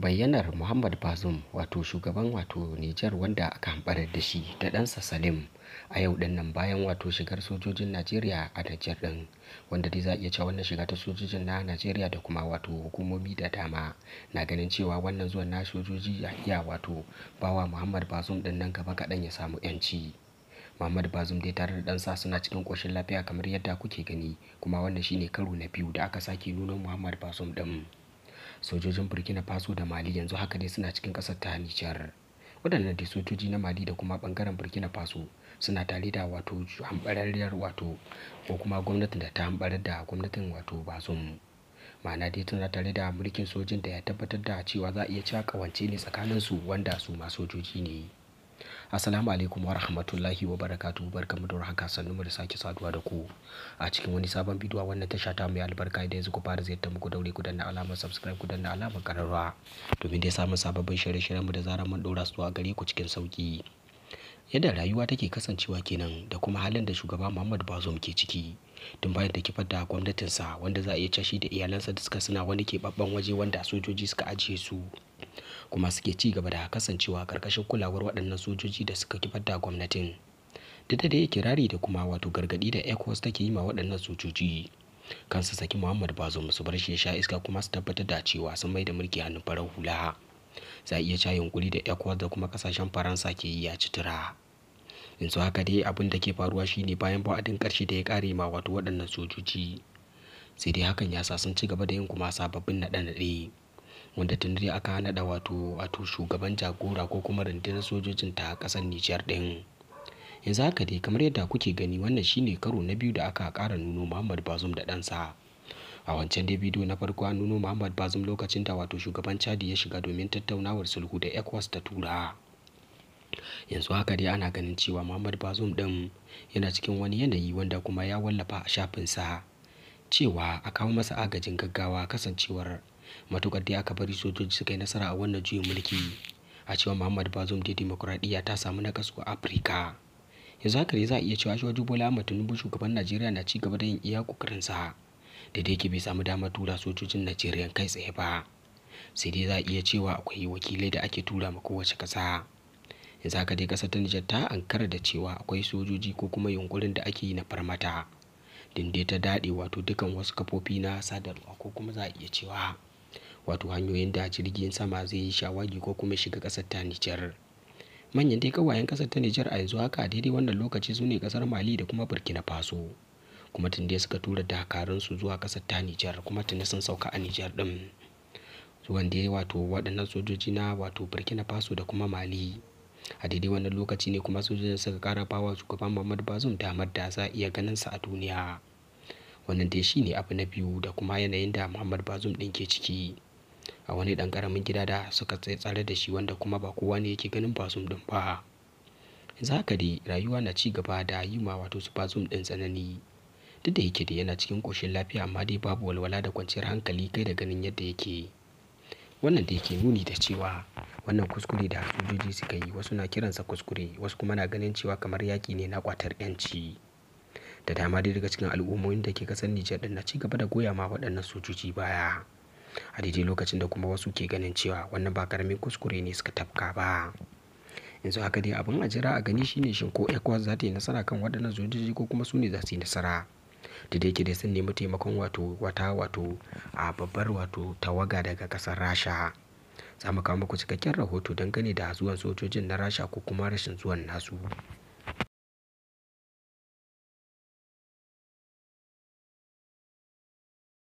bayyanar muhammad bazum wato shugaban wato nijar wanda aka hambarar da shi da ɗansa salim a yau ɗin nan bayan wato shigar sojojin najeriya a nijar ɗin wanda dai za a iya cewa wannan shiga ta sojojin na najeriya da kuma wato hukumomi da dama na ganin cewa wannan zuwan na sojoji a iya wato bawa muhammad bazum ɗin nan gaba kaɗan ya samu yanci Muhammad Bazum dai tare da ɗansa suna cikin ƙoshin lafiya kamar yadda kuke gani kuma wannan shine karo na biyu da aka sake nuna Muhammad Bazum ɗin. sojojin burkina faso da mali yanzu haka ne suna cikin ƙasar ta nijar waɗannan dai sojoji na mali da kuma ɓangaren burkina faso suna tare da wato hambararriyar wato ko kuma gwamnatin da ta hambarar da gwamnatin wato bazum ma'ana dai tana tare da mulkin sojin da ya tabbatar da cewa za a iya cakawance kawance ne su wanda su ma sojoji ne Assalamu alaikum wa rahmatullahi wa barakatu, barkamu da haka sannu mu da sake saduwa da ku a cikin wani sabon bidiyo wannan tasha ta mai albarka idan yanzu ku fara ziyartar muku daure ku danna alamar subscribe ku danna alamar kararwa domin dai samun sababbin shirye-shiryen mu da zarar mun dora su a gare ku cikin sauki yadda rayuwa take kasancewa kenan da kuma halin da shugaba Muhammad Bazoum ke ciki tun bayan da kifar da gwamnatinsa wanda za a iya cashi da iyalansa da suka suna wani keɓaɓɓen waje wanda sojoji suka ajiye su kuma suke ci gaba da kasancewa karkashin kulawar waɗannan sojoji da suka kifar da gwamnatin duk da kirari da kuma wato gargaɗi da ecos take yi ma waɗannan sojoji kansu saki muhammad bazo musu bar shi sha iska kuma su tabbatar da cewa sun mai da mulki hannun farar hula za a iya ca yunkuri da ecos da kuma kasashen faransa ke yi a citira yanzu haka dai abin da ke faruwa shine bayan ba'adin karshe da ya kare ma wato waɗannan sojoji sai dai hakan ya sa sun ci gaba da yin kuma sababbin naɗe-naɗe wanda tun dai aka nada wato wato shugaban jagora ko kuma rundunar sojojin ta kasar Nijar din. Yanzu haka dai kamar yadda kuke gani wannan shine karo na biyu da aka kara nuno Muhammad bazum da ɗansa. A wancan dai bidiyo na farko an nuno Muhammad bazum lokacin da wato shugaban Chadi ya shiga domin tattaunawar sulhu da ECOWAS ta tura. yanzu haka dai ana ganin cewa Muhammad bazum din yana cikin wani yanayi wanda kuma ya wallafa a shafinsa cewa a kawo masa agajin gaggawa kasancewar Matukar dai aka bari sojoji suka yi nasara a wannan juyin mulki. A cewa Muhammad Bazoum dai dimokuraɗiyya ta samu nakasu a Afirka. Yanzu haka dai za a iya cewa wajen Bola Ahmed Tinubu shugaban Najeriya na ci gaba da yin iya sa Da dai ke bai samu damar tura sojojin Najeriya kai tsaye ba. Sai dai za a iya cewa akwai wakilai da ake tura ma kowace kasa Yanzu haka dai kasar ta Nijar ta ankara da cewa akwai sojoji ko kuma yunkurin da ake yi na farmata. Dindai ta daɗe wato dukan wasu kafofi na sadarwa ko kuma za a iya cewa. wato hanyoyin da jirgin sama zai yi shawagi ko kuma shiga ƙasar ta Nijar. Manyan dai kawayen kasar ta Nijar a yanzu haka a daidai wannan lokaci su ne ƙasar Mali da kuma Burkina Faso. Kuma tun dai suka tura su zuwa ƙasar ta Nijar kuma tun sun sauka a Nijar ɗin. Zuwan dai wato waɗannan sojoji na wato Burkina Faso da kuma Mali. a daidai wannan lokaci ne kuma sojojin suka kara bawa shugaban Muhammad Bazum damar da za a iya ganin sa a duniya wannan dai shine abu na biyu da kuma yanayin da Muhammad Bazum din ke ciki a wani ɗan ƙaramin gida da suka tsare da shi wanda kuma ba kowa ne yake ganin bazum ɗin ba zaka ka dai rayuwa na ci gaba da yi ma wato su bazum ɗin tsanani duk da yake da yana cikin ƙoshin lafiya amma dai babu walwala da kwanciyar hankali kai da ganin yadda yake wannan da yake nuni da cewa wannan kuskure da sojoji suka yi wasu na kiransa kuskure wasu kuma na ganin cewa kamar yaƙi ne na kwatar 'yanci da dama dai daga cikin al'ummomin da ke kasar Nijar ɗin na ci gaba da goya ma waɗannan sojoji baya a daidai lokacin da kuma wasu ke ganin cewa wannan ba karamin kuskure ne suka tafka ba yanzu haka dai abin a jira a gani shine shin ko ecowas za ta yi nasara kan waɗannan sojoji ko kuma su ne za su yi nasara da dai ke dai sun nemi taimakon wato wata wato a babbar wato tawaga daga ƙasar rasha za mu kawo muku cikakken rahoto dangane da zuwan sojojin na rasha ko kuma rashin zuwan nasu